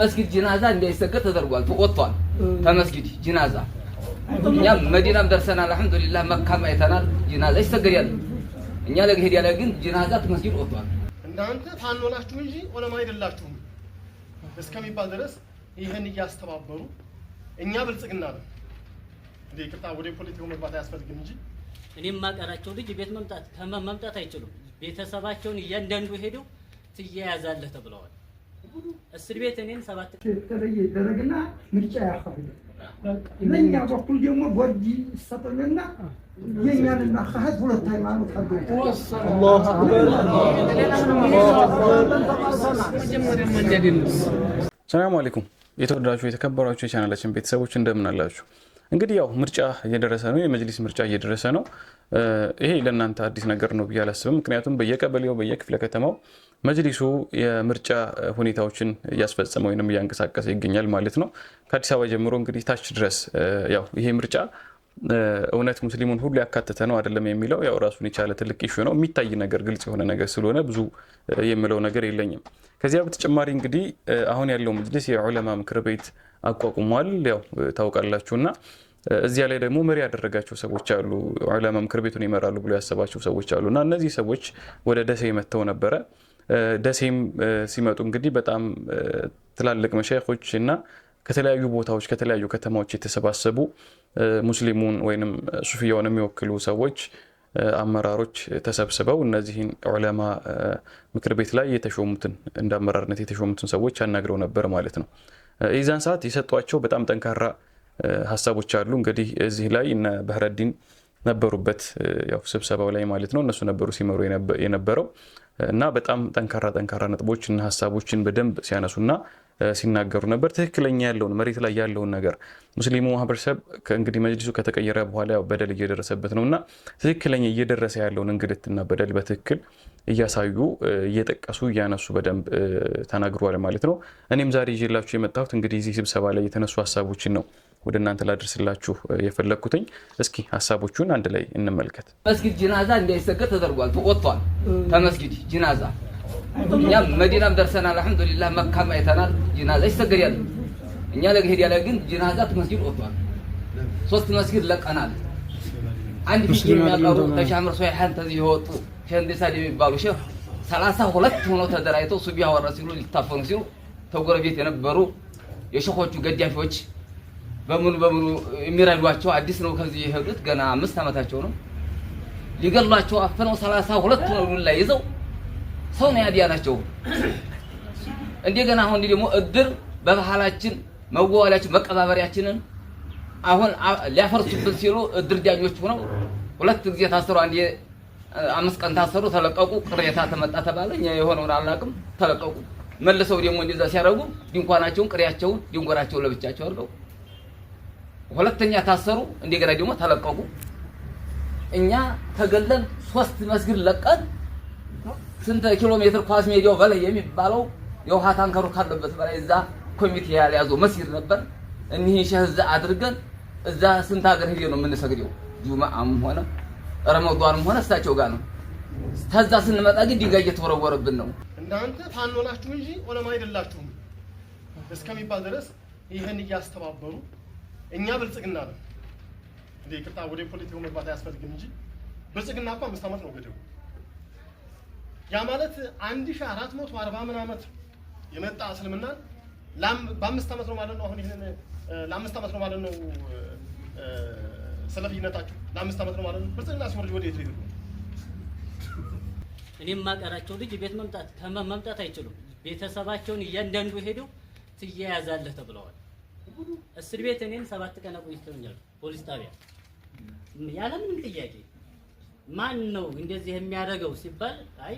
መስጊድ ጅናዛ እንዳይሰገድ ተደርጓል። ወጥቷል ከመስጊድ ጅናዛ። እኛም መዲናም ደርሰናል። አልሐምዱሊላህ መካም አይተናል። ጅናዛ ይሰገዳል። እኛ ለገሄድ ያለ ግን ጅናዛ መስጊድ ወጥቷል። እናንተ ፋኖ ናችሁ እንጂ ዑለማ አይደላችሁም እስከሚባል ድረስ ይህን እያስተባበሩ እኛ ብልጽግና ነው እንደ ይቅርታ፣ ወደ ፖለቲካው መግባት አያስፈልግም እንጂ እኔም ማቀራቸው ልጅ ቤት መምጣት ከመምጣት አይችሉም። ቤተሰባቸውን እያንዳንዱ ሄደው ትያያዛለህ ተብለዋል። እስር ቤት እኔን ሰባት ተለየ ምርጫ ለእኛ በኩል ደግሞ ሁለት ሃይማኖት አለይኩም የተወደዳችሁ የተከበራችሁ የቻናላችን ቤተሰቦች እንደምን አላችሁ? እንግዲህ ያው ምርጫ እየደረሰ ነው፣ የመጅሊስ ምርጫ እየደረሰ ነው። ይሄ ለእናንተ አዲስ ነገር ነው ብዬ አላስብም። ምክንያቱም በየቀበሌው በየክፍለ ከተማው መጅሊሱ የምርጫ ሁኔታዎችን እያስፈጸመ ወይም እያንቀሳቀሰ ይገኛል ማለት ነው። ከአዲስ አበባ ጀምሮ እንግዲህ ታች ድረስ ያው ይሄ ምርጫ እውነት ሙስሊሙን ሁሉ ያካተተ ነው አይደለም የሚለው ያው ራሱን የቻለ ትልቅ ኢሹ ነው የሚታይ ነገር ግልጽ የሆነ ነገር ስለሆነ ብዙ የምለው ነገር የለኝም። ከዚያ በተጨማሪ እንግዲህ አሁን ያለው መጅልስ የዑለማ ምክር ቤት አቋቁሟል፣ ያው ታውቃላችሁ እና እዚያ ላይ ደግሞ መሪ ያደረጋቸው ሰዎች አሉ። ዑለማ ምክር ቤቱን ይመራሉ ብሎ ያሰባቸው ሰዎች አሉ እና እነዚህ ሰዎች ወደ ደሴ መጥተው ነበረ። ደሴም ሲመጡ እንግዲህ በጣም ትላልቅ መሻይኮች እና ከተለያዩ ቦታዎች ከተለያዩ ከተማዎች የተሰባሰቡ ሙስሊሙን ወይም ሱፍያውን የሚወክሉ ሰዎች አመራሮች ተሰብስበው እነዚህን ዑለማ ምክር ቤት ላይ የተሾሙትን እንደ አመራርነት የተሾሙትን ሰዎች አናግረው ነበር ማለት ነው። የዛን ሰዓት የሰጧቸው በጣም ጠንካራ ሀሳቦች አሉ። እንግዲህ እዚህ ላይ እነ ባህረዲን ነበሩበት ያው ስብሰባው ላይ ማለት ነው። እነሱ ነበሩ ሲመሩ የነበረው እና በጣም ጠንካራ ጠንካራ ነጥቦች እና ሀሳቦችን በደንብ ሲያነሱና ሲናገሩ ነበር። ትክክለኛ ያለውን መሬት ላይ ያለውን ነገር ሙስሊሙ ማህበረሰብ እንግዲህ መጅሊሱ ከተቀየረ በኋላ ያው በደል እየደረሰበት ነው እና ትክክለኛ እየደረሰ ያለውን እንግልትና በደል በትክክል እያሳዩ እየጠቀሱ እያነሱ በደንብ ተናግረዋል ማለት ነው። እኔም ዛሬ ይዤላችሁ የመጣሁት እንግዲህ እዚህ ስብሰባ ላይ የተነሱ ሀሳቦችን ነው ወደ እናንተ ላደርስላችሁ የፈለግኩትኝ። እስኪ ሀሳቦቹን አንድ ላይ እንመልከት። መስጊድ ጅናዛ እንዳይሰገድ ተደርጓል፣ ተቆጥቷል። ከመስጊድ ጅናዛ እኛ መዲናም ደርሰናል። አልሐምዱሊላህ መካም አይተናል። ጅናዛ ይሰገድ ያለ እኛ ለገሄድ ያለ ግን ጅናዛ መስጊድ ወጥቷል። ሶስት መስጊድ ለቀናል። አንድ ፊት የሚያቀሩ ተሻምር ሶይሐን ተዚህ የወጡ ሸንዲሳድ የሚባሉ ሼህ ሰላሳ ሁለት ሆነው ተደራጅተው ሱቢያ ወረ ሲሉ ሊታፈኑ ሲሉ ተጎረቤት የነበሩ የሸኾቹ ገዳፊዎች በሙሉ በሙሉ የሚረዷቸው አዲስ ነው። ከዚህ የሄዱት ገና አምስት አመታቸው ነው። ሊገሏቸው አፍነው ሰላሳ ሁለቱ ነው ላይ ይዘው ሰው ነው ያዲያናቸው። እንደገና አሁን ደግሞ እድር በባህላችን መዋዋላችን መቀባበሪያችንን አሁን ሊያፈርሱብን ሲሉ እድር ዳኞች ሆነው ሁለት ጊዜ ታሰሩ። አንዴ አምስት ቀን ታሰሩ፣ ተለቀቁ። ቅሬታ ተመጣ ተባለ። እኛ የሆነውን አላውቅም፣ ተለቀቁ። መልሰው ደግሞ እንደዛ ሲያደርጉ ድንኳናቸውን፣ ቅሬያቸውን፣ ድንጎራቸውን ለብቻቸው አድርገው ሁለተኛ ታሰሩ፣ እንደገና ደግሞ ተለቀቁ። እኛ ተገለን ሶስት መስጊድ ለቀን ስንት ኪሎ ሜትር ኳስ ሜዳው በላይ የሚባለው የውሃ ታንከሩ ካለበት በላይ እዛ ኮሚቴ ያልያዘው መስጊድ ነበር። እኒህን ሸህ እዛ አድርገን እዛ ስንት ሀገር ሄደ ነው የምንሰግደው። ጁማአም ሆነ ረመዷንም ሆነ እሳቸው ጋር ነው። ተዛ ስንመጣ ግን ድንጋይ እየተወረወረብን ነው። እናንተ ፋኖ ናችሁ እንጂ ዑለማ አይደላችሁም እስከሚባል ድረስ ይህን እያስተባበሩ እኛ ብልጽግና ነው እንዴ? ቅርታ ወደ ፖለቲካው መግባት አያስፈልግም እንጂ ብልጽግና እኮ አምስት ዓመት ነው ገደቡ። ያ ማለት አንድ ሺህ አራት መቶ አርባ ምን ዓመት የመጣ እስልምና በአምስት ዓመት ነው ማለት ነው። አሁን ይህንን ለአምስት ዓመት ነው ማለት ነው። ሰለፊነታቸው ለአምስት ዓመት ነው ማለት ነው። ብልጽግና ሲወርድ ወደ የት ሊሄዱ? እኔ የማቀራቸው ልጅ ቤት መምጣት ከመምጣት አይችሉም። ቤተሰባቸውን እያንዳንዱ ሄደው ትያያዛለህ ተብለዋል። እስር ቤት እኔን ሰባት ቀን አቆይተውኛል ፖሊስ ጣቢያ ያለምንም ጥያቄ። ማን ነው እንደዚህ የሚያደርገው ሲባል አይ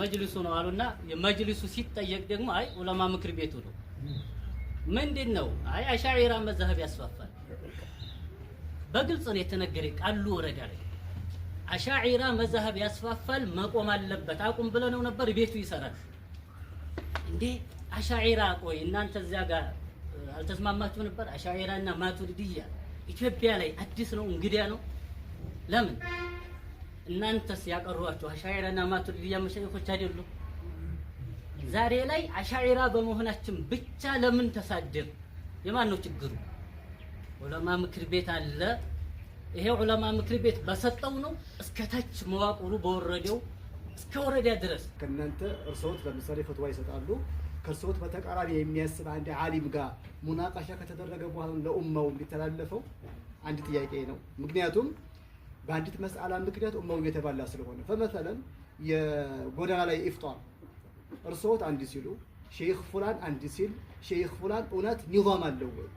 መጅልሱ ነው አሉና የመጅልሱ ሲጠየቅ ደግሞ አይ ዑለማ ምክር ቤቱ ነው። ምንድን ነው አይ አሻዒራ መዛሀብ ያስፋፋል። በግልጽ ነው የተነገረ። ቃሉ ወረዳ ላይ አሻዒራ መዛሀብ ያስፋፋል፣ መቆም አለበት፣ አቁም ብለነው ነበር። ቤቱ ይሰራል እንዴ አሻዒራ? ቆይ እናንተ እዚያ ጋር አልተስማማችሁ ነበር? ማቱሪዲ ማቱሪድያ ኢትዮጵያ ላይ አዲስ ነው፣ እንግዲያ ነው። ለምን እናንተስ ያቀሯቸው አሻኢራና ማቱሪድያ መሻይኮች አይደሉ ዛሬ ላይ አሻኢራ በመሆናችን ብቻ ለምን ተሳደብ? የማን ነው ችግሩ? ዑለማ ምክር ቤት አለ። ይሄ ዑለማ ምክር ቤት በሰጠው ነው እስከታች መዋቅሩ በወረደው እስከ ወረዳ ድረስ ከእናንተ እርስዎት ለምሳሌ ፈትዋ ይሰጣሉ ከሰውት በተቃራኒ የሚያስብ አንድ ዓሊም ጋር ሙናቃሻ ከተደረገ በኋላ ለኡማው የሚተላለፈው አንድ ጥያቄ ነው። ምክንያቱም በአንዲት መስአላ ምክንያት ኡማው እየተባላ ስለሆነ ፈመሰለን የጎዳና ላይ ኢፍጣር እርስዎት አንድ ሲሉ ሼክ ፉላን አንድ ሲል ሼክ ፉላን እውነት ኒዛም አለው ወይ?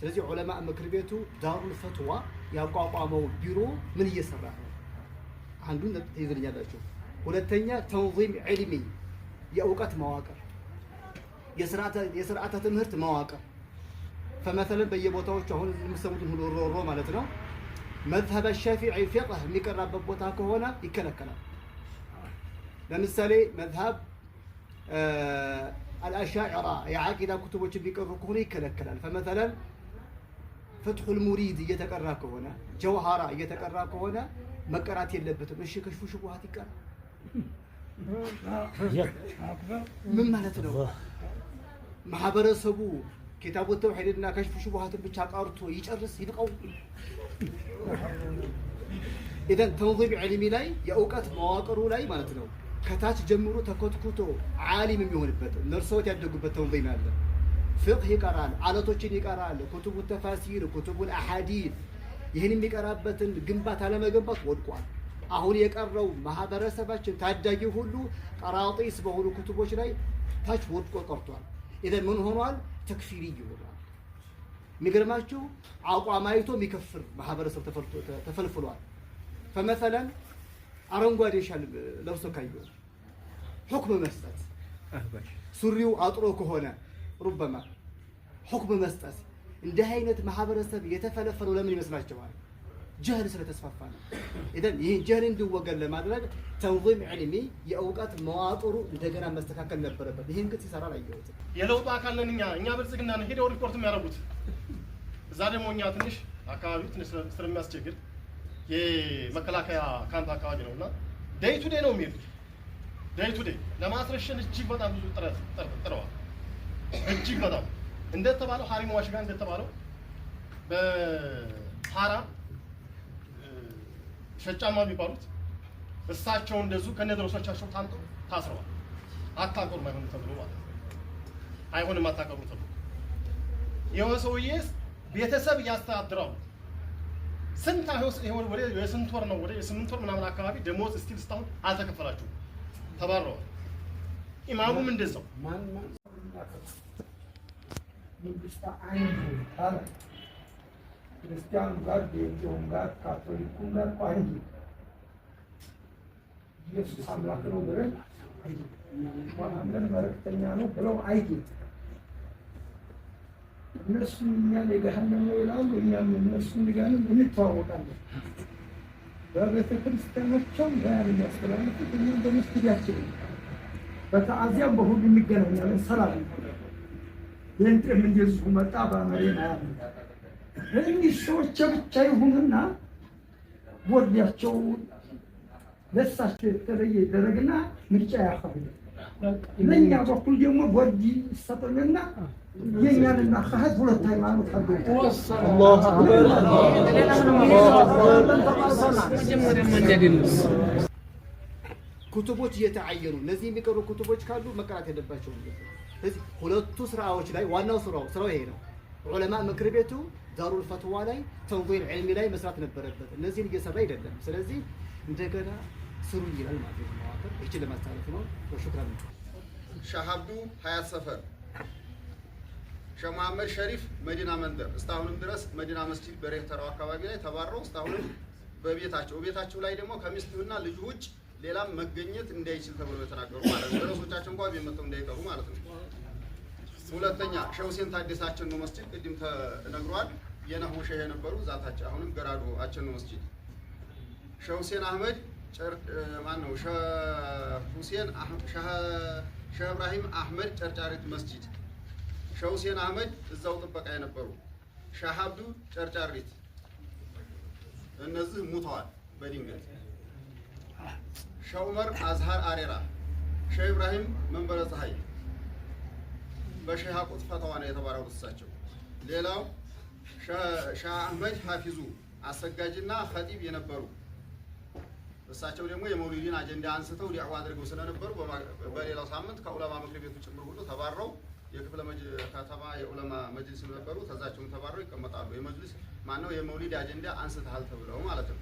ስለዚህ ዑለማ ምክር ቤቱ ዳሩል ፈትዋ ያቋቋመው ቢሮ ምን እየሰራ ነው? አንዱን ተይዝልኛላችሁ። ሁለተኛ ተንዚም ዕልሚ የእውቀት መዋቅር የስርዓተ ትምህርት መዋቅር ፈመሰለን በየቦታዎቹ አሁን የምሰሙትን ሁሉ ሮሮ ማለት ነው። መዝሀበ ሸፊዒ ፊቅህ የሚቀራበት ቦታ ከሆነ ይከለከላል። ለምሳሌ መዝሀብ አልአሻዕራ የዓቂዳ ኩቱቦች የሚቀሩ ከሆነ ይከለከላል። ፈመሰለን ፍትሑል ሙሪድ እየተቀራ ከሆነ ጀውሃራ እየተቀራ ከሆነ መቀራት የለበትም። እሺ ከሽፉ ሽቡሃት ይቀራል። ምን ማለት ነው? ማህበረሰቡ ኪታቡት ተውሂድና ከሽፍ ሹቡሃትን ብቻ ቀርቶ ይጨርስ ይብቃው። ኢዘን ተንዚም ዕልሚ ላይ የእውቀት መዋቅሩ ላይ ማለት ነው ከታች ጀምሮ ተኮትኩቶ ዓሊም የሚሆንበት ነርሶት ያደጉበት ተንዚም አለ። ፍቅህ ይቀራል፣ አለቶችን ይቀራል፣ ኩቱቡ ተፋሲር፣ ኩቱቡል አሓዲት ይህን የሚቀራበትን ግንባታ ለመገንባት ወድቋል። አሁን የቀረው ማህበረሰባችን ታዳጊ ሁሉ ቀራጢስ በሆኑ ኩቱቦች ላይ ታች ወድቆ ቀርቷል። ኢዘን ምን ሆኗል? ተክፊሪ ይሆናል። የሚገርማችሁ አቋም አይቶ የሚከፍር ማህበረሰብ ተፈልፍሏል። ፈመሰለን አረንጓዴ ሻል ለብሶ ካየሁ ሁክም መስጠት፣ ሱሪው አጥሮ ከሆነ ሩበማ ሁክም መስጠት። እንዲህ አይነት ማህበረሰብ የተፈለፈለው ለምን ይመስላችኋል? ጀህል ስለተስፋፋ ነው። ኢደን ይህን ጀህል እንዲወገድ ለማድረግ ተንዚም ዕልሚ የእውቀት መዋቅሩ እንደገና መስተካከል ነበረበት። ይህን ግን ሲሰራ አላየሁትም። የለውጡ አካል ነን እኛ እኛ ብልጽግና ነው ሄደው ሪፖርት የሚያደርጉት እዛ ደግሞ እኛ ትንሽ አካባቢው ትንሽ ስለሚያስቸግር የመከላከያ ካምፕ አካባቢ ነው እና ደይ ቱ ደይ ነው የሚሄዱት። ደይ ቱ ደይ ለማስረሸን እጅግ በጣም ብዙ ጥረት ጥረዋል። እጅግ በጣም እንደተባለው ሀሪማዎች ጋር እንደተባለው በሀራ ሸጫማ የሚባሉት እሳቸው እንደዚሁ ከነደረሶቻቸው ታንጠው ታስረዋል። አታቀሩም አይሆኑ ተብሎ ማለት አይሆንም አታቀሩ ተብሎ ይኸው ሰውዬ ቤተሰብ እያስተዳድረው ስንት ይሆን ወደ የስንት ወር ነው ወደ የስምንት ወር ምናምን አካባቢ ደሞዝ እስቲል እስካሁን አልተከፈላችሁም፣ ተባረዋል። ኢማሙም እንደዛው ክርስቲያኑ ጋር ቤንጆም ጋር ካቶሊኩም ጋር ቋንጂ ኢየሱስ አምላክ ነው ብለን መሐመድ መልእክተኛ ነው ብለው አይጌ እነሱ እኛን የገሃነም ነው ይላሉ፣ እኛም እነሱን ጋንም እንተዋወቃለን። በቤተ ክርስቲያናቸው ያን የሚያስተላልፉት እኛም በመስጊዳችን በተአዚያም በሁሉ እንገናኛለን። ሰላም ይንጥም እንደዚሁ መጣ በመሬ ናያለ እኒህ ሰዎች ብቻ ይሁንና ወዲያቸው ለሳቸው የተለየ ይደረግና ምርጫ ያካሂዱ። ለእኛ በኩል ደግሞ ቦርድ ይሰጥልና የእኛንና ካህት ሁለት ሃይማኖት አለ። ኩቱቦች እየተዓየኑ ለዚህ የሚቀሩ ኩቱቦች ካሉ መቀራት ስለዚህ ሁለቱ ስራዎች ላይ ዋናው ስራው ስራው ይሄ ነው። ዑለማ ምክር ቤቱ ዳሩል ፈትዋ ላይ ተንዚር ዕልሚ ላይ መስራት ነበረበት። እነዚህን እየሰራ አይደለም። ስለዚህ እንደገና ስሩ ይላል ማለት ነው። መዋቅር ይችን ለማሳለፍ ነው። ወሽክራን ሻህ ሀያት ሰፈር ሸህ መሐመድ ሸሪፍ መዲና መንደር እስካሁንም ድረስ መዲና መስጂድ በሬተራው አካባቢ ላይ ተባረው እስካሁንም በቤታቸው ቤታቸው ላይ ደግሞ ከሚስቱና ልጁ ውጭ ሌላም መገኘት እንዳይችል ተብሎ የተናገሩ ማለት ነው። ደረሶቻቸው እንኳን ቢመጡ እንዳይቀሩ ማለት ነው። ሁለተኛ ሸውሴን ሁሴን ታደሰ አቸኖ መስጂድ ቅድም ተነግሯል። የነሆ ሸህ የነበሩ ዛታቸው አሁንም ገራዶ አቸኖ መስጂድ ሼህ አህመድ ማን ነው? ሁሴን ሼህ እብራሂም አህመድ ጨርጫሪት መስጂድ ሸውሴን አህመድ እዛው ጥበቃ የነበሩ ሼህ አብዱ ጨርጫሪት እነዚህ ሙተዋል በድንገት። ሼህ ዑመር አዝሃር አሬራ ሸህ ኢብራሂም መንበረ ፀሐይ በሼህ አቁጥ ፈተዋ ነው የተባለው እሳቸው። ሌላው ሻህ አህመድ ሀፊዙ አሰጋጅና ኸጢብ የነበሩ እሳቸው ደግሞ የመውሊድን አጀንዳ አንስተው ዲዕዋ አድርገው ስለነበሩ በሌላው ሳምንት ከዑለማ ምክር ቤቱ ጭምር ሁሉ ተባረው የክፍለ ከተማ የዑለማ መጅልስ ነበሩ። ተዛቸውን ተባረው ይቀመጣሉ። የመጅልስ ማነው የመውሊድ አጀንዳ አንስተሃል ተብለው ማለት ነው።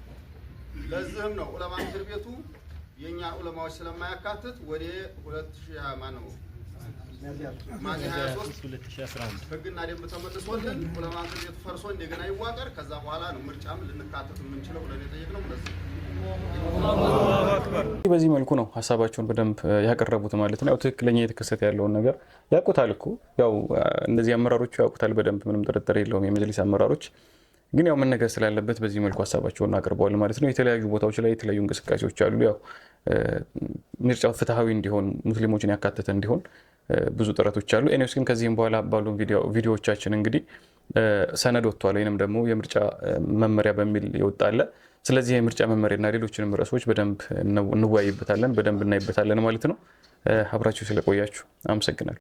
ለዚህም ነው ዑለማ ምክር ቤቱ የእኛ ዑለማዎች ስለማያካትት ወደ ሁለት ሺህ ማነው ህግና ደንብ ተመልሶልን ዑለማ ምክር ቤቱ ፈርሶ እንደገና ይዋቀር። ከዛ በኋላ ነው ምርጫም ልንካተት የምንችለው ብለን የጠየቅነው። በዚህ መልኩ ነው ሀሳባቸውን በደንብ ያቀረቡት ማለት ነው። ያው ትክክለኛ እየተከሰተ ያለውን ነገር ያውቁታል እኮ ያው እነዚህ አመራሮቹ ያውቁታል በደንብ ምንም ጥርጥር የለውም። የመጅሊስ አመራሮች ግን ያው መነገር ስላለበት በዚህ መልኩ ሀሳባቸውን አቅርበዋል ማለት ነው። የተለያዩ ቦታዎች ላይ የተለያዩ እንቅስቃሴዎች አሉ። ያው ምርጫው ፍትሐዊ እንዲሆን ሙስሊሞችን ያካተተ እንዲሆን ብዙ ጥረቶች አሉ። ኤኒዌይስ ግን ከዚህም በኋላ ባሉ ቪዲዮዎቻችን እንግዲህ ሰነድ ወጥቷል፣ ወይንም ደግሞ የምርጫ መመሪያ በሚል ይወጣለ። ስለዚህ የምርጫ መመሪያና ሌሎችንም ርዕሶች በደንብ እንወያይበታለን፣ በደንብ እናይበታለን ማለት ነው። አብራችሁ ስለቆያችሁ አመሰግናለሁ።